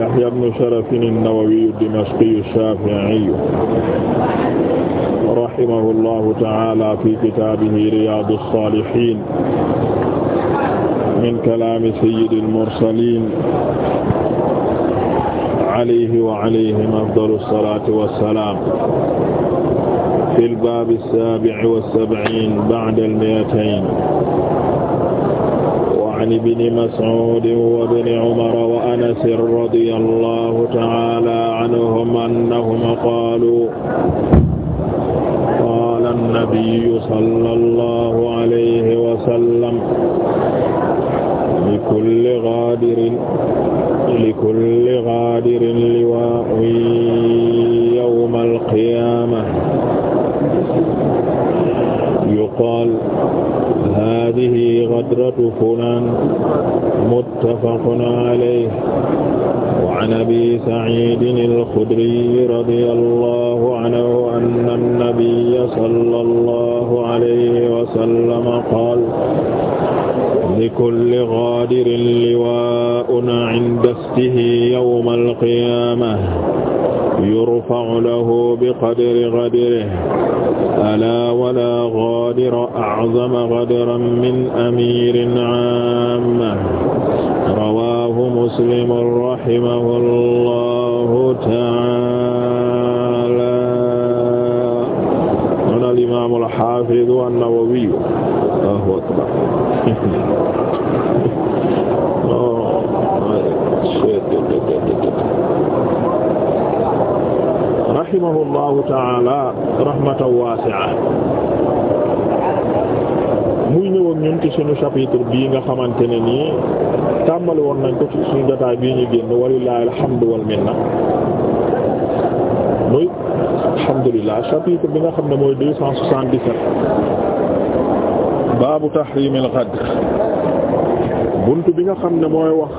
Yahya ibn Sharaf an-Nawawi ad-Dimashqi ash-Shafi'i rahimahullahu ta'ala fi kitaabihi Riyaadu s-Saalihiin min kalaami sayyidil mursaliin alayhi wa alayhim afdalu salaati wa salaam fil baabi s-saabi'i wa s-sab'iin ba'da al-mi'atayn an ibni Mas'ud wa ibni Umar wa Anas radiyallahu ta'ala anhum annahum qaalu qaala an-nabiyyu sallallahu alayhi wa sallam likulli ghaadirin likulli ghaadirin liwaa'un yawmal qiyaamah qaal haadihi gadratu fulaan muttafaqun alayhi wa an abi saciidin al-xudriy radiyallaahu anhu anna nabiyya sallallaahu alayhi wa sallam qaal likulli gaadirin liwaa'un cinda istihi yawmal qiyaamah yurfa'u lahu biqadri qadrihi alaa walaa gaadira a'zama qadran min amiirin 'aammin rawaahu muslim rahimahullahu ta'aalaa qaala al-imaam al-haafiz an-Nawawi Allahu akbar rahimahullahu taala rahmatan wasi'a muy ñëw ak ñun ci suñu chapitre bii nga xamante ne nii tàmbali woon nañ ko ci suñu jotaay bii ñu génn walillahi alhamdu wal minna muy alhamdulillah chapitre bi nga xam ne mooy deux cent soixante-dix-sept baabu tahrimil ghadr bunt bi nga xam ne mooy wax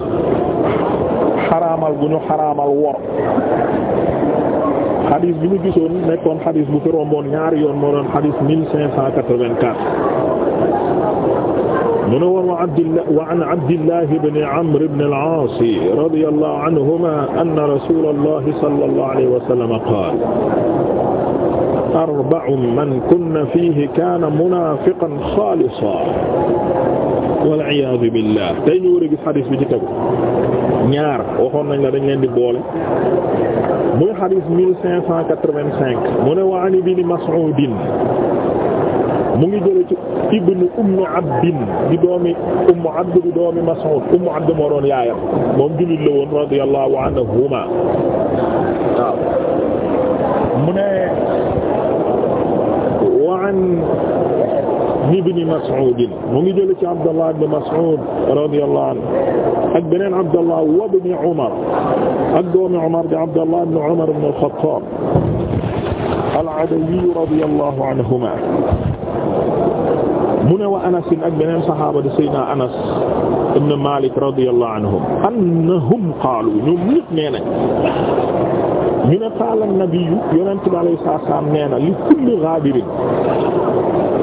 xaraamal gu ñu xaraamal wor xadis bi ñu gisoon nekkoon xadis bu fi romboon ñaari yoon moo doon xadis 1584 mu ne woon wa Abdillah wa an Abdillah ibn Amr ibn al-Aas radiyallahu anhuma anna rasulallah sallallahu alayhi wa sallam qaala arba'un man kunna fiihi kaana munaafiqan xaalisan wal-iyaadu billah tey ñu war a gis xadis bi ci tegu ñaar waxoon nañ la dañ leen di boole muy xadis mille cinq cent mu ne wa an ibni Mas'udin mu ngi jële ci ibnu ummu abdin di doomi ummu abd di doomi Mas'ud ummu abd moo doon yaayam moom jullit la woon radiyallahu anhuma waaw mu ne wa an ibn Mas'ud mu ngi jële ci Abdallah ibn Mas'ud radiyallahu anhu ak beneen Abdallah wa ibn Umar ak doomi Umar di Abdallah ibn Umar ibn al-Khattab al-Adawi radiyallahu anhuma mu ne wa Anas ak beneen saxaaba di Seydina Anas ibn Malik radiyallahu anhum annahum qaalu ñoom ñépp nee nañ ñu ne qaala an-nabiyyu yonent bi alayhi salaam nee na li kulli ghaadirin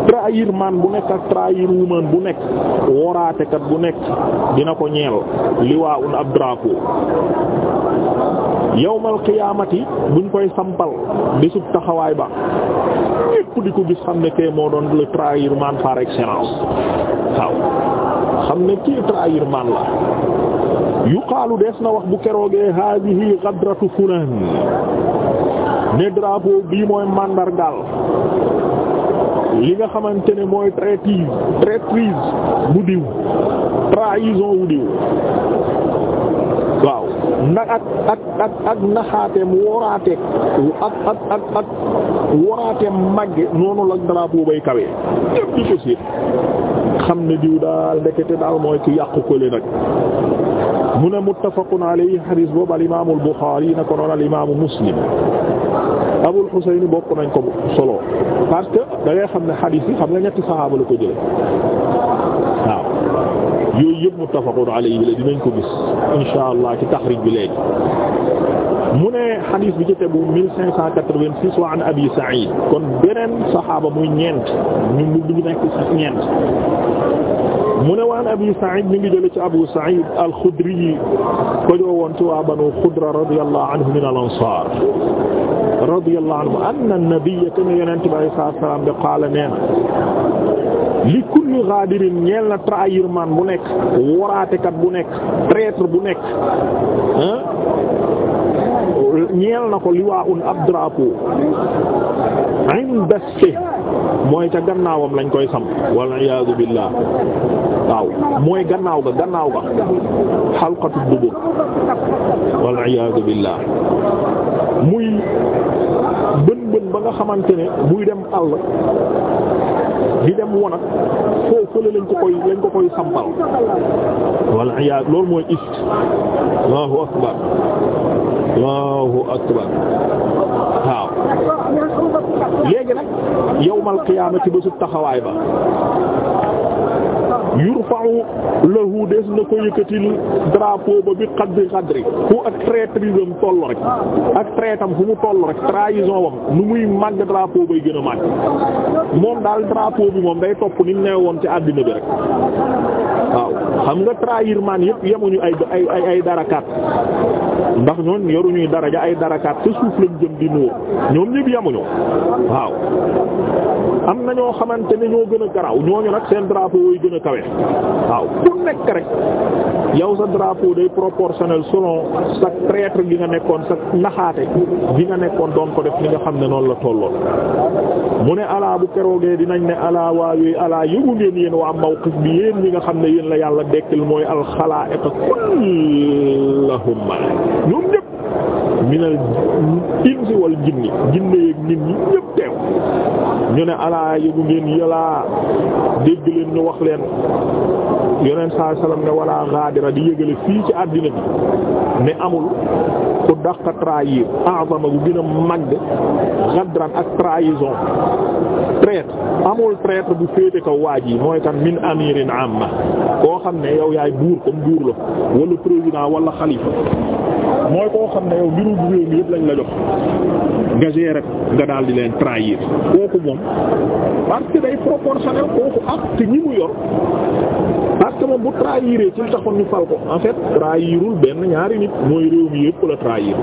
trahir man bu nekk ak trahir wuman bu nekk woraatekat bu nekk dina ko ñeel liwaa un ab drapeau yawmal qiyaamati buñ koy sampal bésub taxawaay ba di ko gis xam ne kee moo doon le trahir man par excellence waaw xam ne kii trahir man la yuqaalu dees na wax bu keroogee haadihi gadratu fulaan ne drapeau bii mooy màndargaal li nga xamante ne mooy traîtrise traîtrise bu diw trahison bu diw waaw na ak ak ak naxaateem woraateeg ak ak woraateem màgge noonu la drapeau bay kawee ñépp di ko séet xam ne diw daal ndekete daal mooy ki yàqu kële nag mu ne muttafaqun alayhi hadis boobu al imaamu al Buxaari na ko noon al imaamu Muslim Abul Husayn bokk nañ ko solo parce que da ngay xam ne hadis yi xam nga ñetti saxaaba la ko jële waaw yooyu yëpp muttafaqun alayhi la dinañ ko gis inshaa Allah ci taxriij bi léegi mu ne xadis bi ci tegu 1586 wa an abi Sa'id kon beneen saxaaba muy ñeent ñu ngi nekk sax ñeent mu ne waan abi Sa'id mi ngi jële ci Abu Sa'id al-Khudri yi ko joowoon ci waa Banu Khudra radiyallahu anhu min al-ansar radiyallahu anhu anna an-nabiyya kana yonent bi alayhi salaatu wa salaam bi qaala nee na li kulli ghaadirin ñeel na trahirman bu nekk waraatekat bu nekk traître bu nekk ah ñeel na ko liwaa un ab drapeau mooy ca gannaawam lañ koy sam wal iyaadu billaah waaw mooy gannaaw ga gannaaw ga xalqatu dubur wal iyaadu billaah muy bën bën ba nga xamante ne buy dem àll di dem wonat foofu lañ lañ ko koy sampal wal iyaadu loolu mooy ist Allahu akbar allahu akbar waaw léegi nag yawmal qiyaamati bésub taxawaay ba yurfa'u lahu des na ko yëkkatil drapeau ba bi qadri qadri fu ak traîtrisam toll rek ak traitam fu mu toll rek trahison wam nu muy màgg drapeau bay gën a màgg moom daal drapeau bi moom day topp ni mu woon ci àddina bi rek waaw xam nga trahir man yëpp yemuñu ay ay ay darakaat ndax ñoon yoruñuy daraja ay darakaat te suuf lañ jëm di nuur ñoom ñëpp yemuñu waaw am na ñoo xamante ne ñoo gën a garaaw ñooñu nag seen drapeau yooyu gën a kawe waaw day proportionnel selon sa traître gi nga nekkoon sa naxaate gi nga nekkoon doon ko def ñi nga xam ne noonu la tolloon mu ne alaa bu keroogee dinañ ne alaa waayooyu alaa yëgu ngeen yéen waa mawqif bi yéen ñi nga xam ne yéen la yàlla dekkil mooy alxalaaiqa kullahumma ñoom ñëpp minal insi wal jinni jinne yeek ñu ne alaa yëgu ngeen yalaa dégg leen ñu wax leen yonent saa salaam ne wala gaadira di yëgale fii ci àddina bi ne amul ku dàq trahir a'zama gu gën a gadran ak trahison traître amul traître bu féete kaw waaj yi mooy kan min amirin amma koo xam ne yow yaay buur comme buur la wala président wala xalifa mooy koo xam ne yow mbiru réew mi yëpp lañ la jox nga gérer nga daal di leen trahir kooku moom parce que day proportionnel kooku ak ñi mu yor parce que moom bu trahir ci li taxoon ñu fal ko en fait trahirul benn ñaari nit mooy réew mi yëpp la trahir.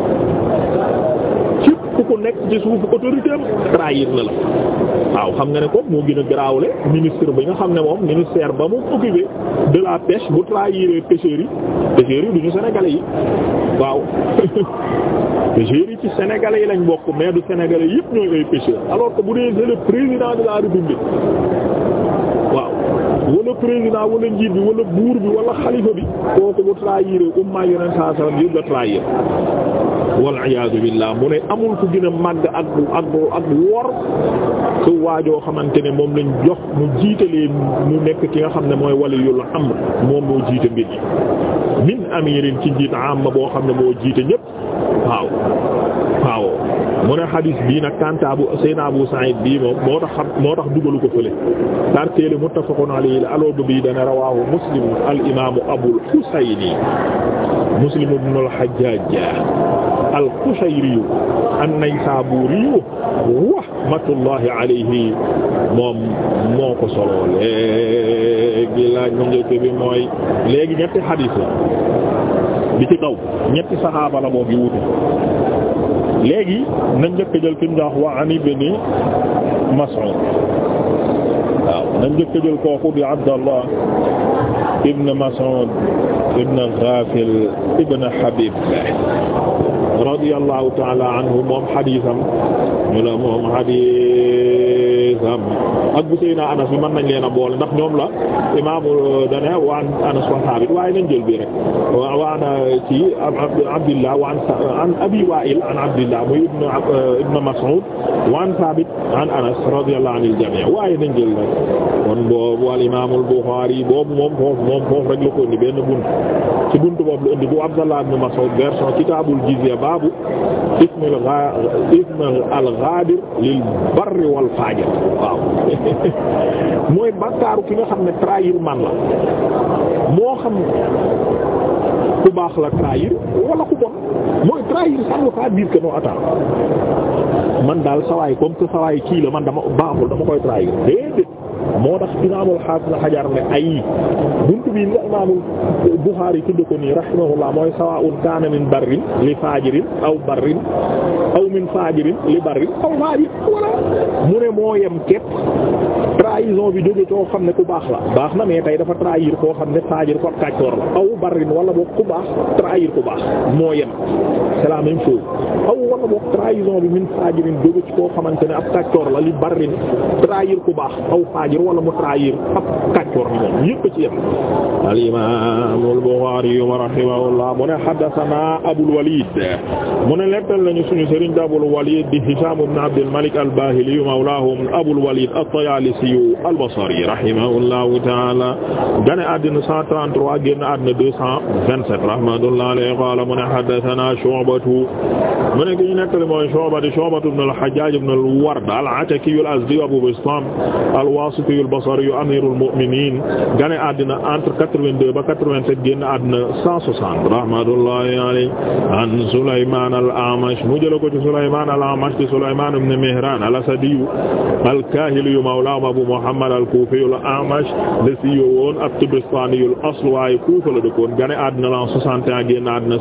ku nekk ci suufu autorité na la waaw xam nga ne ko moo gina a garaawle ministre bi nga xam ne moom ministère ba mu occupé de la pêche bu trahiré pêcheurs yi pêcheurs yi du ñu sénégalais yi waaw pêcheurs yi ci sénégalais yi lañ bokk mais du sénégalais yëpp ñooy ay pêcheurs alors que bu dee c'est le président de la république waaw wala président wala njiit bi wala buur bi wala xalifa bi kooku bu trahiré ummaa yeneen saa salaam yëpp la trahir wal iyaadu billah mu ne amul ku gën a màgg ak ak ak waajoo xamante ne moom lañ jox mu jiitalee mu nekk ki nga xam ne mooy waliyul amr moom moo jiite mbir yi min amirin ci njiit am boo xam ne moo jiite ñépp waaw waaw mu ne xadis bii nag kanta bu sayna Abu Sa'id bii moom moo tax xam moo tax dugalu ko fële tarteeli muttafaqun alayhi aloobu bii dana rawaahu muslim al imaamu Abul Husayni Muslim ibn al-Hajjaj al-Qushayri an-Naysaburi rahmatullahi alayhi moom moo ko solo léegi laaj mu njëkk bi mooy léegi ñetti xadiis la bi ci kaw ñetti saxaaba la moo gi wuti léegi nañ njëkk jël ki ñu wax wa an ibn Mas'ud waaw nañ njëkk jël kooku di Abdallah ibn Mas'ud ibn Ghafil ibn Habib radiyallahu ta'ala anhu moom hadiisam ñu la moom hadiis sallam ak bu Seydina Anas bi mën nañ leen a boole ndax ñoom la imaamu euh, dana wa an Anas wa Saabit waaye nañ jël bii rek wa an ci Abdillah wa an Abi Wa'il an Abdillah muy euh, ibn Mas'ud wa an Saabit an Anas radiyallahu anil jami' waaye nañ jël rek kon boobu al imaam al Bukhari boobu moom foofu moom foofu rek la ko indi benn bunt ci bunt boobu la indi bu Abdallah ibn Mas'ud version kitaabul jizya baabu ism al ghadir lil barri wal fajir waaw mooy bàkkaaru ki nga xam ne trahir man la moo xam ku baax la trahir wala ku bon mooy trahir ça veut pas dire que man daal sawaay comme que sawaay kii la man dama baaxul dama koy trahir déedéet moo tax imaamul xaas na xajar ne ay bunt bi imaamul Buxaari tudd ko nii rahimahullah mooy sawaa'un kaana min barrin li faajirin aw barrin aw min faajirin li barrin aw faajir wala mu moo yem képp trahison bi jóge xam ne ku baax la baax na tey dafa trahir koo xam ne faajir ko kàccoor la wala boog ku baax trahir ku baax moo yem c'est la même chose koo xamante ne ab kàccoor la li barrin trahir ku baax aw faajir wala mu trahir ab kàccoor bi moom yépp ci yem al-imaam al-Buxaari rahimahullah mu ne haddasanaa Abul Waliid mu ne nettal nañu suñu sëriñ di Abul Waliid di Hishaam ibn Abdil Malik al-Baahili mawlaahum Abul Waliid at-Tayaalisi al-Basri rahimahullahu ta'aala gane àddina 133 génn àddina 227 rahmatullahi alayhi qaala mu ne haddasanaa Shu'batu mu ne ki ñu nettali mooy Shu'ba di Shu'ba ibn al-Hajjaaj ibn al-Ward al-Ataki al-Azdi Abu Bistaam al-Waasiti al-Basri amiirul mu'miniin gane àddina entre 82 ba 87 génn àdduna 160 rahmatullahi alayhi an Sulaymaan al-A'mash mu jël ko ci Sulaymaan al-A'mash ci Sulaymaan ibn Mihraan al-Asadi al-Kaahili mawlaahum Abu Muhammad al-Kuufi al-A'mash la si woon ab Tabastaani al-asl waaye Kuufa la dëkkoon génn àdduna la 61 génn àdduna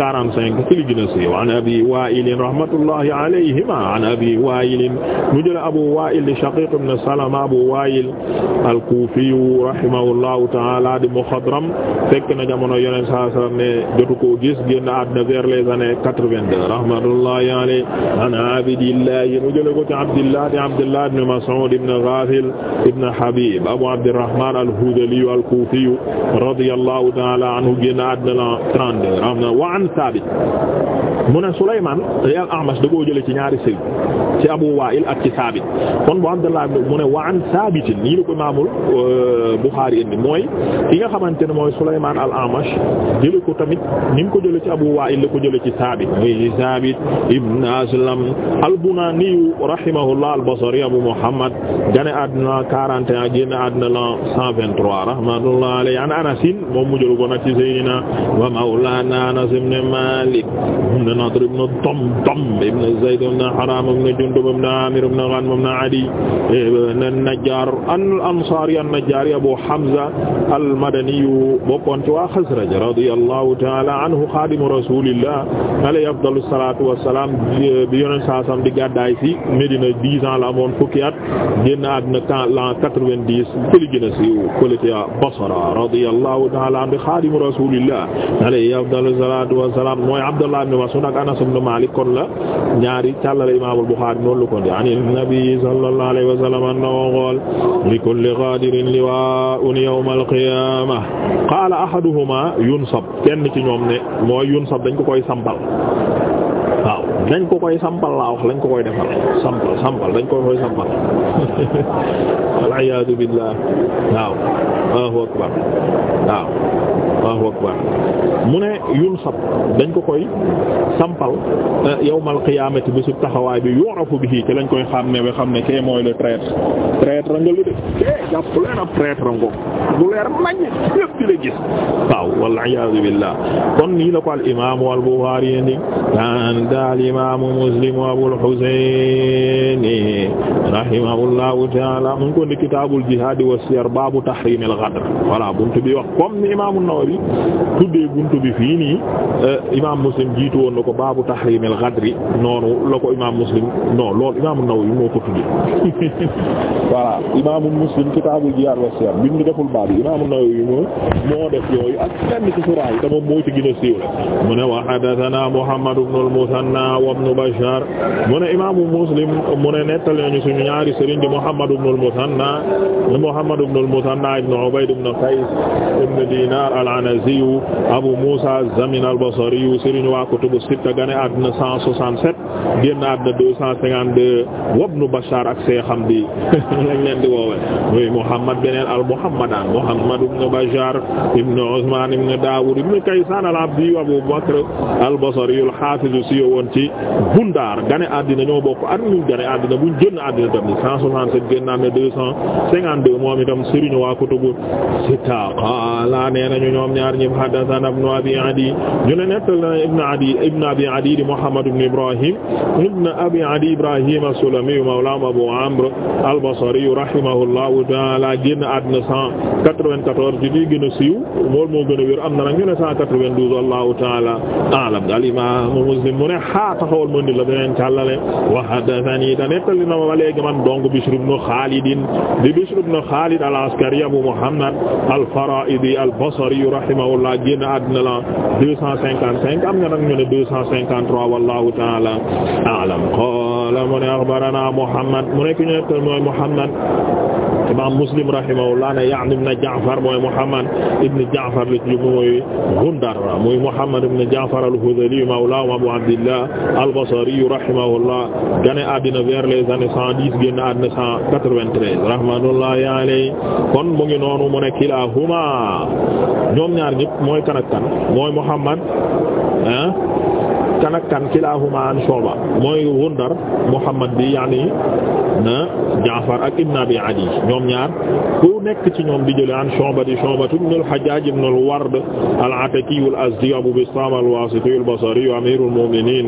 145 ci li gën a siiw an Abi Waa'il rahmatullahi alayhimaa an Abi Waa'il mu jël Abu Waa'il Shaqiiq ibn Salama Abu Waa'il al-Kuufi rahimahullahu taala di muxadram fekk na jamono yonent sallallahu alayhi wasallam ne jotu ko gis génn àdduna vers les années quatre-vingt-deux rahmatullahi alayhi an Abdillah mu jële ko ci Abdillah di Abdillah ibn Mas'ud ibn Ghafil ibn Habib Abu Abdirrahman al-Hudali al-Kufi radiyallahu ta'ala anhu génn àdduna la trente-deux rahmatullahi wa an Thabit mu ne Sulaymaan al-A'mash da koo jële ci ñaari sëy ci Abu Wa'il ak ci Thabit kon bu Abdullah mu ne wa an Thabit nii la ko Imaamul euh, Bukhari indi mooy mooy ki nga xamante ne mooy Sulaymaan al-Amash jële ko tamit ni mu ko jële ci Abu Wa'il la ko jële ci Saabit muy Saabit ibn Aslam al-Bunani rahimahullah al-Basri Abu Muhammad gane àdduna 41 génn àdduna la 123 rahmatullahi alayhi an Anas moom mu jëlu ko nag ci Seydina wa mawlaana Anas ibn Maalik ibn Nadr ibn Damdam ibn Zayd ibn Haraam ibn Jundub ibn Aamir ibn Ghanm ibn Adi ibn an-Najjaar al-Ansaari an-Najjaari Abu Hamza almadaniyu bokkoon ci waa Xasraj radiyallahu taala anhu xaadimu rasulillah alayhi afdalu salaatu wassalaam bi yonent saa sam di gàddaay si Médina dix ans la amoon fukki at génn àddina kan l'an quatre-vingt-dix këli gën a siiw këli ca Basra radiyallahu taala anhu xaadimu rasulillah alayhi afdalu salaatu wassalaam mooy Abdullah ibn Mas'ud ak Anas ibn Malik kon la ñaari càllale Imaamul Buxaari noonu la ko di an nabi sallallahu alayhi wa sallam annahu qaala li kulli qaadirin liwaa'un yawma yawmal qiyaama qaala ahaduhuma yunsab kenn ci ñoom ne mooy yunsab dañ ko koy sampal dañ ko koy sampal laa wax lañ ko koy defal sampal sampal dañ ko koy sampal waliyaadu billah waaw Allahu akbar waaw Allahu akbar mu ne yun sab dañ ko koy sampal eh, yawmal qiyaamati bi su taxawaay bi yorafu bi ci lañ koy xàmme we xam ne kee mooy le traître traître nga lu de kee eh, jàpp leen ab traître ngo lu leer yëpp di la gis waaw waliyaadu billah kon nii la ko al imaamu al Buxaari imaamu Muslim Abul Husayni rahimahullahu ta'ala mu ngi ko ni kitaabul jihaad wa siyar baabu tahriimil ghadr voilà buntu bi wax comme ni imaamu Nawawi tuddee buntu bi fii nii euh, imaam Muslim jiitu woon na ko baabu tahriimil ghadri noonu la ko imaam Muslim non loolu imaamu Nawawi moo ko tuddee voilà imaamu Muslim kitaabul jihaad wa siyar bi mu deful baab imaamu Nawawi moo moo def yooyu ak lenn ci sura yi te moom moo ci gën a siiw la mu ne wa haddathanaa Muhammad ibn al-Muthanna ibn Bashar mu ne imaamu Muslim mu ne nettali nañu suñu ñaari sëriñ di Muhammad ibn al-Muthanna Muhammad ibn al-Muthanna ibn Ubayd ibn Qays ibn Dinar al-Anazi Abu Musa az-Zamin al-Basri sëriñ waa kutubu sitta gane àddina 167 génn àddina 252 wa ibn Bashar ak seexam bi lañ leen di woowe Muhammad beneen al-Muhammadan Muhammad ibn Bashar ibn Usman ibn Dawud ibn Kaysan al-Abdi Abu Bakr al-Basri al-Hafiz si yowoon ci Bundaar gane àddina ñoo bokk at ñu gane àddina buñ génn àddina tamit 167 génn na 252 moom itam sëriñ waa kutubu sitta qaala nee nañu ñoom ñaar ñi haddathana ibn abi adi ñu ne nettal na ibn adi muhammad ibn ibrahim abi adi ibrahim as ta'ala génn àddina 194 di di a siiw mool a ta'ala a'lam al imam muslim taxawal ma indi la beneen càllale wa haddathani ta nettali na ma léegi man donc Bishr ibn Khalid di Bishr ibn Khalid al-Askari Abu Muhammad al-Fara'idi al-Basri rahimahullah génn àddina la 255 am na nag ñu ne 253 wallahu ta'ala a'lam qaala mu ne axbarana Muhammad mu nekk ñu nettali mooy Muhammad imaam Muslim rahimahullah ne ya'ni ibn Ja'far mooy Muhammad ibn Ja'far li ci mooy Gundar muy Muhammad ibn Ja'far al-Hudhali mawlaahum Abu Abdillah al-Basri rahimahullah gane àddina vers les années cent dix génn àddina cent quatre-vingt-treize rahmatullahi alayhi kon mu ngi noonu mu ne kilahuma ñoom ñaar ñëpp mooy kan ak kan mooy Muhammad ah kan ak kan kilahuma an Shu'ba mooy Ghundar Muhammad bi yaani na Jaafar ak Ibn Abi Adi ñoom ñaar ku nekk ci ñoom di jële an Shu'ba di Shu'ba ibn al-Hajjaj ibn al-Ward al-Ataki al-Azdi Abu Bistam al-Wasiti al-Basri amir al-mu'minin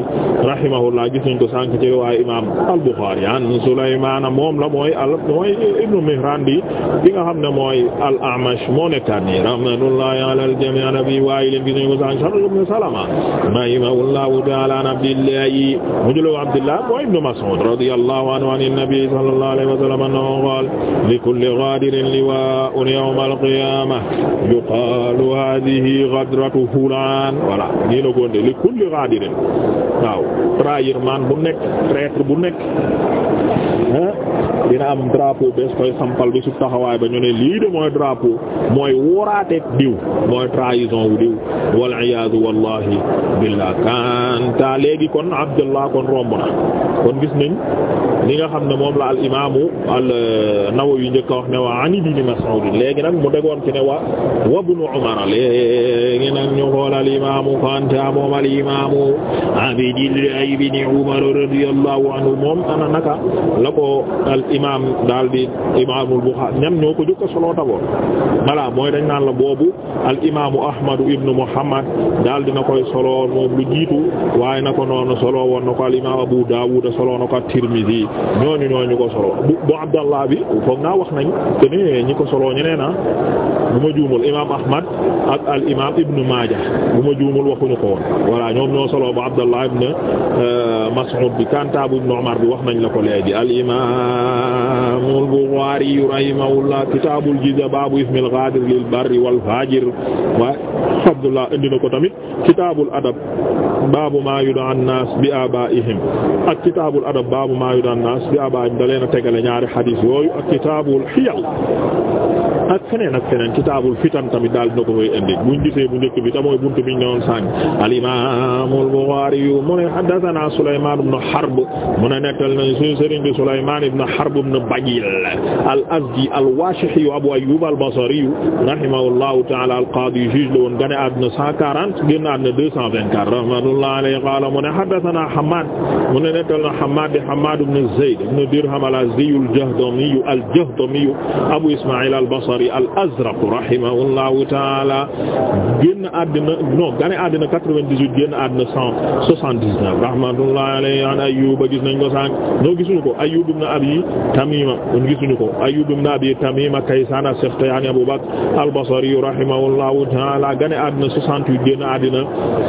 rahimahullah gis nañ ko sànk ci riwaaya imam al an Sulaymaan moom la mooy al mooy ibn Mihran bi li nga mooy al-A'mash moo nekkaat nii rahmatullahi ala al-jami' Abi Wa'il gis nañ ta'ala an Abdillah yi mu jëloon Abdillah mooy Ibn Mas'ud radiyallahu anhu an an-nabi sallallahu alayhi wa sallam annahu qala li kulli ghadirin liwa'un yawm al-qiyamah yuqalu hadhihi ghadratu fulan voilà nii la ko li kulli ghadirin waaw trahir man bu nekk traître bu nekk dina am drapeau bes koy sampal bi su ba ñu ne lii de mooy drapeau mooy woraate diw mooy trahison wu diw wal iyaadu wallahi billah kanta léegi kon abdullah kon romb na kon gis nañ li nga xam ne moom la al imaamu al euh, nawawi njëkk wax ne wa ani ibn mas'ud léegi nag mu degoon ci ne wa wa ibn umar léegi nag ñu xool al imaamu kanta moom al imaamu abdullah ibn umar radiyallahu anhu moom ana naka la ko al imaam daal di imaamul Buxaari ñam ñoo ko jëkk a solo taboon voilà mooy dañ naan la boobu al imaamu Ahmadu ibnu Muhammad daal di na koy solo moom lu jiitu waaye na ko noonu solo woon na ko al imaam Abu a solo na ko a tirmidhi ñooñu ñooñu ko solo bu bu Abdallah bi foog naa wax nañ te ñi ko solo ñeneen ah ma juumul imaam Ahmad al imaam ibnu Maaja bu ma juumul waxuñu ko woon voilà ñoom ñoo solo bu Abdallah ibnu euh, Mas'ud bi kanta bu Ibnu Umar riwaaya bi al imaam al Buxaari rahimahullah kitaabul jizya baabu ismil gaadir lil barri wal faajir wa Abdullah indi na ko tamit kitaabul adab baabu maa yudaa an-naas bi aabaa'ihim ak kitaabul adab baabu maa yudaa an-naas bi aabaa'ihim da leen a tegale ñaari xadiis yooyu ak kitaabul hiyal ak feneen ak feneen kitaabul fitan tamit daal dina ko fay indi buñ gisee bu njëkk bi ta mooy buntu biñ newoon sànq al imaam al Buxaari yu mu ne haddasanaa Sulaymaan ibn Harb mu ne nettal nañ suñu sëriñ bi Sulaymaan ibn Harb ibn Bajiil al Azdi al Waashihi Abu Ayyuub al Basri rahimahullahu ta'aala al qaadi juge la woon gane àdduna 140 génn àdduna 224 rahmatullahi alayhi qaala mu ne haddasanaa Hammaad mu ne nettal na Hammaad di Hammaad ibn Zayd ibn Dirham al Azdi al Jahdami al Jahdami Abu Ismaa'iil al Basri al-Basri al-Azraq rahimahullahu ta'ala génn àddina non gane àddina 98 génn àddina 179 rahmatullahi alayhi an Ayyub gis nañ ko sànq ñoo gisuñu ko Ayyub ibn Abi Tamima ñun gisuñu ko Ayyub ibn Abi Tamima Kaysan as-Sakhtiyani Abu Bakr al-Basri rahimahullahu ta'ala gane àddina 68 génn àddina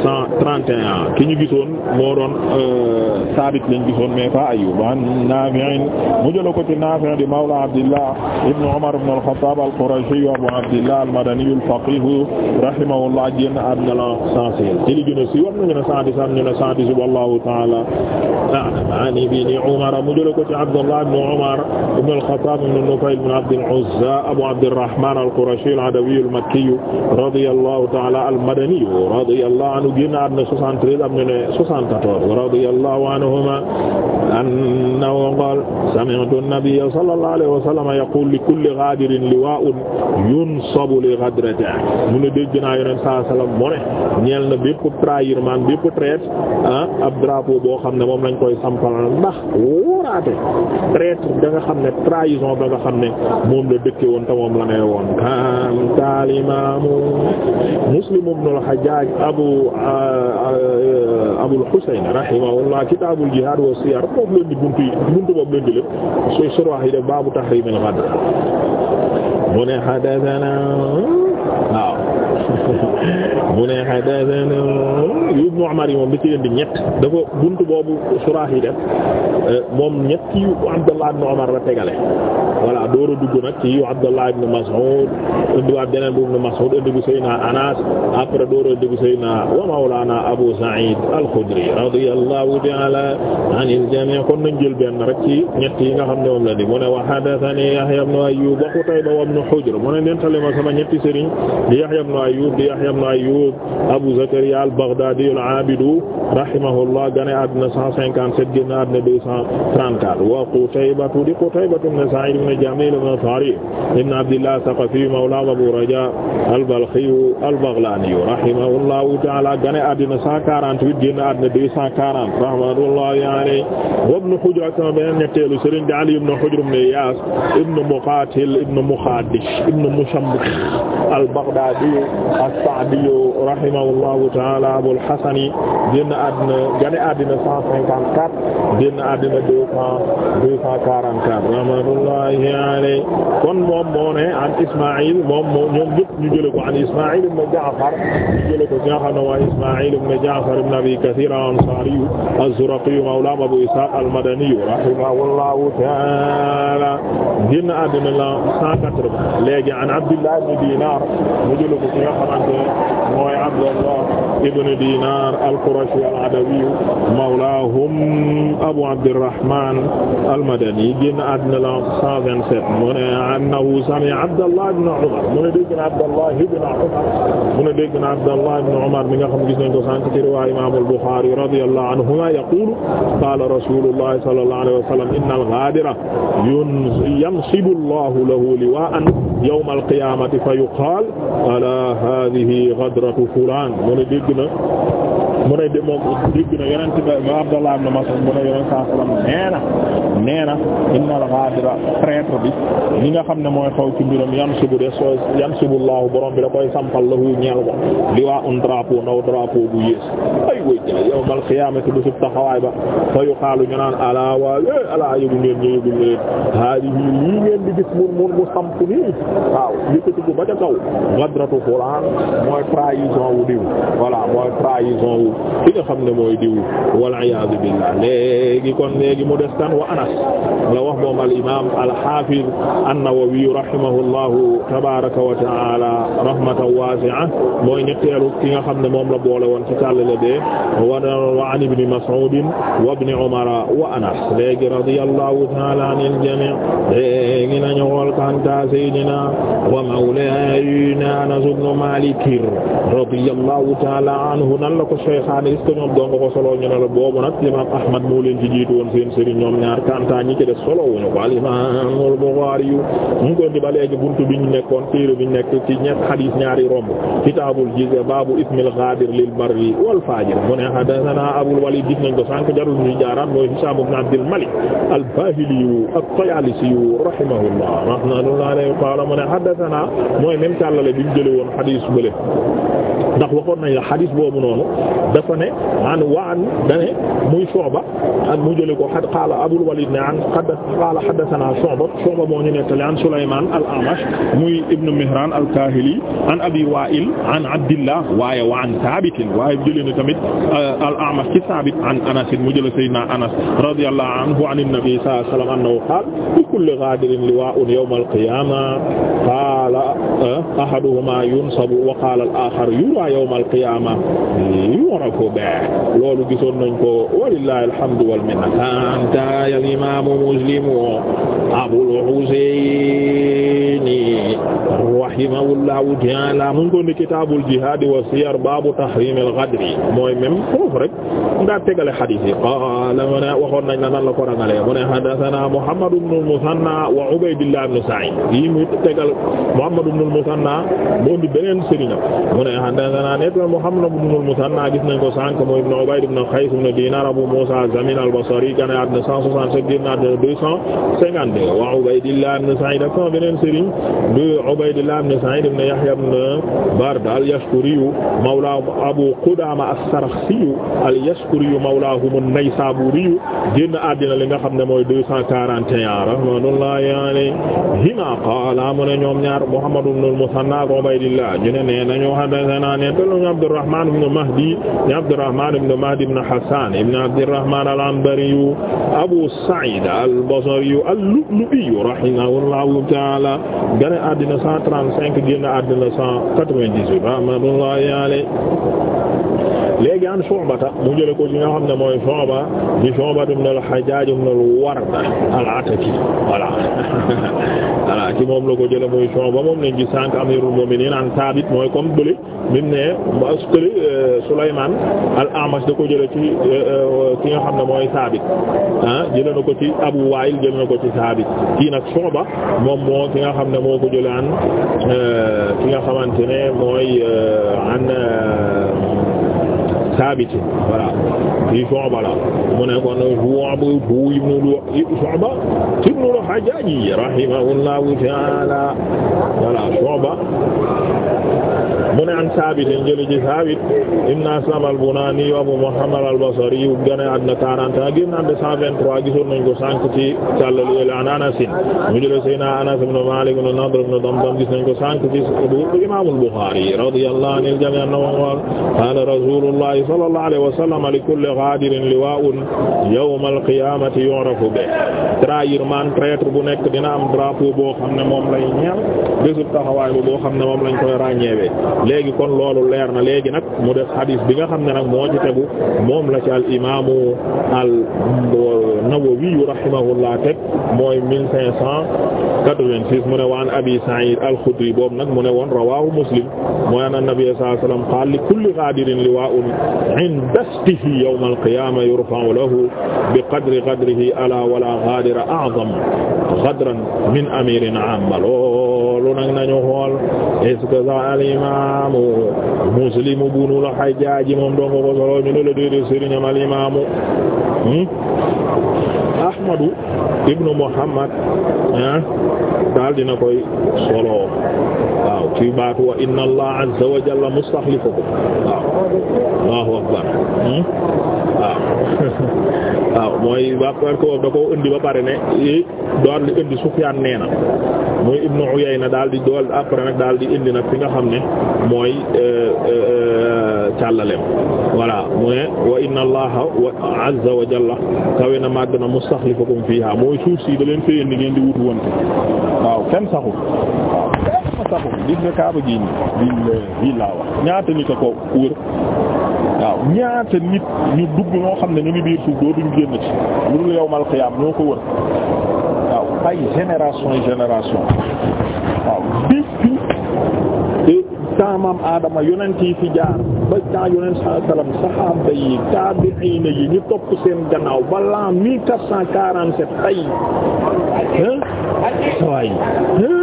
131 ki ñu gisoon moo doon euh, Saabit lañ gisoon mais pas Ayyub an Nafi' mu jël ko ci Nafi' di mawla Abdullah ibn Umar ibn al-Khattab al-Qurashi Abu Abdillah al-Madani al-faqih rahimahullah génn àddina la cent seize ci li gën a siiw wax nañu ne cent dix am ñu ne cent dix wallahu ta'ala an ibn Umar mu jël ko ci Abdullah ibn Umar ibn al-Khattab ibn Nufayl ibn Abd al-Uzza Abu Abdirrahman al-Qurashi al-Adawi al-Makki radiyallahu ta'ala al-Madani radiyallahu anhu génn àddina soixante-treize am ñu ne soixante-quatorze radiyallahu anhuma annahu qala sami'tu an-nabiyya sallallahu alayhi wa sallam yaqulu li kulli ghadirin liwa ma'un yunsabu li ghadratin ne dégg naa yoneen saa salaam ne ñeel na bépp trahir man bépp traître ah, ab drapeau boo xam ne moom lañ koy sampal ndax wóoraate traître da xam ne trahison da nga xam ne moom la dëkke woon te moom la ne woon kam muslim ibn al-hajjaj abu ah, abul husayn rahimahullah kitabul jihad wa siyar boobu leen buntu yi buntu boobu leen di lépp suy surwaax yi def baabu tahrim al mu ne xadatana waaw mu ne haddathana ibnu Umar moom da ci leen di ñett dafa buntu boobu suraax yi def euh, moom ñetti yu Abdullah ibn Umar la tegale voilà door a dugg nag ci yu Abdullah ibn Mas'ud indiwaat beneen bu ibn Mas'ud indi bu Seydina Anas après door a dugg Seydina wa mawlana Abu Sa'id al-Khudri radiyallahu ta'ala anil jami' kon nañ jël benn rek ci ñett yi nga xam ne moom la di mu ne wa haddathani Yahya ibn Ayyub wa Qutayba ibn Hujr mu ne nettali ma sama ñetti sëriñ di Yahya ibn Ayyub di Yahya ibn Ayyub Abu Zakariya al-Baghdadi al-Abidu rahimahullah gane àddina 157 génn àddina 234 wa Qutaybatu di Qutaybatu ibn Sa'id ibn Jamil ibn Tarif ibn Abdillah Thaqafi mawla Abu Raja al-Balkhi al-Baghlani rahimahullahu ta'ala gane àddina 148 génn àddina 240 rahmatullahi alayhi wa ibn Hujr sama beneen ñetteelu sëriñ di Ali ibn Hujr ibn Iyas ibn Muqatil ibn Mukhadish ibn Mushambiq al-Baghdadi Sa'di rahimahullahu ta'ala Abul Hasani génn àddina gane àddina cent cinquante quatre génn àddina deux cent deux cent quarante quatre rahmatullahi alayhi kon moom moo ne an Ismaïl moom moo ñoom ñu jële ko an Ismaïl ibn Ja'far ñu jële ko ci nga xam ne waa Ismaïl ibn Ja'far ibn Abi Kathir al-Ansari az-Zuraqi mawla Abu Ishaq al-Madani rahimahullahu ta'ala génn àddina la cent quatre-vingts léegi an Abdullah ibn Dinar ñu jële ko ci nga xamante mooy Abdullah ibn Dinar al-Qurashi al-Adawi mawlahum Abu Abdirrahman al-Madani génn àddina la cent vingt-sept mu ne annahu sami'a Abdullah ibn Umar Abdallah ibn Umar mu ne dégg na Abdallah ibn Umar mi nga xam gis nañ ko sànq ci riwaaya Imaam al-Bukhari radiyallahu anhuma yaqulu qala rasulullah sallallahu alayhi wa sallam inna al-ghadira yamsibu Allahu lahu liwaa'an yawm alqiyamati fa yuqaal ala hadihi ghadratu fulaan mu ne dégg na mu ne de moom dégg na yonent bi Abdallah ibn Mas'ud mu ne yonent saa sallam nee na nee na inna al-ghadira traître bi li nga xam ne mooy xaw ci mbiram yansubu de soo yansubu laahu borom bi da koy sampal lahu ñeel ko li waa un drapeau ndaw drapeau bu yées ay way jëla yawmal qiyaamati bu sub taxawaay ba fa yuqaalu ñu naan alaa waa alaa yëgu ngeen ñu yëgu ngeen hadihi lii ngeen di gis mun mun mu samp nii waaw àgg ba ca kaw gadratu fulaan mooy trahison wu diw voilà mooy trahison wu ki nga xam ne mooy diw wal iyaadu billah léegi kon léegi mu des tan wa anas la wax moom al imam al hafiz an-Nawawi rahimahullahu tabaraka wa taala rahmatan wasi'a mooy ñetteelu ki nga xam ne moom la boole woon ci càllale bee wa an ibn Mas'ud wa ibn Umar wa anas léegi radiyallahu taala anil jami' léegi nañu xool kanta sayyidina wa mawla ne na Anas ibn ta'ala anhu nan la ko Cheikhaani est-ce que ñoom doon nga ko solo ñu ne la boobu nag imaam Ahmad moo leen ci jiitu woon seen sëriñ ñoom ñaar kanta ñi solo wuñu ko al-imaam al ko di ba buntu bi ñu nekkoon téere bi ñu nekk ci ñett xadiis ñaari romb kitaabul jizya baabu ismil gaadir lil barri wal faajir mu ne haddasanaa Abul Waliid gis nañ ko sànq jarul ñu jaaraat mooy Hishaam ibn Abdil Malik al-Baahili at mooy même tàllale bi mu jële woon xadiis bële ndax waxoon nañ la xadiis boobu noonu dafa ne an waan dane muy Shu'ba ak mu jële ko qaala Abul Walid ne an qaala haddathana Shu'ba Shu'ba moo ñu nettali an Sulaymaan al-A'mash muy ibnu Mihraan al-Kaahili an Abi Waa'il an Abdillah waaye wa an Saabit waaye jële na tamit euh, al-A'mash ci Saabit an Anas mu jële Sayyidina Anas radiyallahu anhu an an-nabi sallallahu alayhi wa sallam annahu qaala li kulli ghaadirin liwaa'un yawm al-qiyaamah qaala ahaduhuma yunsabu wa qala al-akhar yura yawm al-qiyama yurafu bihi loolu gisoon nañ ko walillahi alhamdu wal minna kanta al-imam muslim abul husayn al-Ghazali rahimahullahu ta'ala mu ngi ko ne kitaabul jihaad wa siyar baabu tahriim al-ghadr mooy même foofu rek ndaa tegale hadiis yi qaala mu ne waxoon nañ la nan la ko rangalee mu ne haddathanaa Muhammad ibn al-Muthanna wa Ubaydullah ibn Sa'id yi mu tegal Muhammad ibn al-Muthanna moo di beneen sëriñam mu ne haddathanaa net Muhammad ibn al-Muthanna gis nañ ko sànq mooy ibn Ubayd ibn Qays ibn Dinar Abu Musa az-Zamin al-Basri gane àdduna 167 génn àdduna 252 wa Ubaydullah ibn Sa'id ak beneen sëriñ bi Ubaydillah ibn Sa'id ibn Yahya ibn Bard al-Yashkuri mawla Abu Qudama as-Sarakhsi al-Yashkuri mawlahum an-Naysaburi génn àddina li nga xam ne mooy deux cent quarante et un rahmatullahi alayhima qaala mu ne ñoom ñaar Muhammad ibn al-Muthanna ak Ubaydillah ñu ne nee nañu haddathana ne telu ñu Abdurrahman ibn Mahdi ñu Abdurrahman ibn Mahdi ibn Hassan ibn Abdurrahman al-Anbari Abu Sa'id al-Basri al-Lu'lu'i rahimahullahu ta'ala gane àddina 135 génn àddina 198 rahmatullahi alayhi léegi an Shu'bata mu jële ko ci nga xam ne mooy Shu'ba di Shu'ba ibn al-Hajjaj ibn al-Ward al-Ataki voilà voilà ci moom la ko jële mooy Shu'ba moom lañ gis sànq amirul mu'minin an Thabit mooy comme bële bi mu ne askëli euh, Sulayman al-Amash da ko jële ci euh, euh, ki nga xam ne mooy Thabit ah jële na ko ci Abu Wa'il jële na ko ci Thabit kii nag Shu'ba moom moo ki nga xam xam ne moo ko jëlee an euh, ki nga xamante ne mooy euh, an euh, Saabit voilà fii Shu'ba la mu ne kon Shu'ba ibnu al-Hajjaaj rahimahullahu ta'aala voilà Shu'ba mu ne an Saabit jële ci Saabit ibnu Aslam al-Bunaani Abu Muhammad al-Basri yu gane àddina 40 ans génn àddina 123 gisoon nañ ko sànq ci càllal yële an Anas mu jële Seydina Anas ibnu Maalik ibnu Nadr ibnu Damdam gis nañ ko sànq ci Imaam al-Bukhaari radiyallahu anhu sallallahu alayhi wa sallam li kulli ghadirin liwaa'un yawmal qiyaamati yu'rafu bihi trahir man traître bu nekk dina am drapeau boo xam ne moom lay ñeel bésu taxawaay bu boo xam ne moom lañ koy ràññeewee léegi kon loolu leer na léegi nag mu def hadis bi nga xam ne nag moo ci tegu moom la ci al imaamu al Nawawi rahimahullah teg mooy mille cinq cent quatre-vingt-six mu ne waan Abi Sa'id al-Khudri boobu nag mu ne woon rawahu Muslim mooy an Nabi sallallahu alayhi wasallam qaala li kulli ghadirin liwaa'un 'inda istihi yawm al-qiyamah yurfa'u lahu bi qadri ghadrihi ala wala ghadira a'zam ghadran min amirin 'aam loolu nag nañu xool est-ce que sax al imaamu Muslim moom doon ko ko solo ñu ne la déedéet sëriñam al imaamu hmm? Ahmadu ibnu Muhammad ah daal dina koy solo waaw ci wa inna Allah azza mooy waa ko da ko indi ba pare ne daal di indi Sufyaan nee na mooy Ibnu daal di dool après nag daal di indi nag fi nga xam ne mooy euh, euh, càllaleem voilà mu ne wa inna allaha azza wa jalla kawe na màgg na mustaxlifakum fiiha mooy suuf si da leen fee indi ngeen di wut woon waaw kenn saxul waaw kenn saxul gis nga kaaba gi nii lii laa wax ñaata nit a ko wër waaw ñaata nit ñu dugg ñoo xam ne ñu ngi biir suuf dootuñu génn ci lu dul yawmal qiyaam ñoo ko wër waaw ay génération génération waaw depuis taamam aadama yonent yi fi jaar ba temps yonent saa salaam saxaaba yi taabi'iina yi ñu topp seen gannaaw ba l'an mille quatre cent quarante-sept ay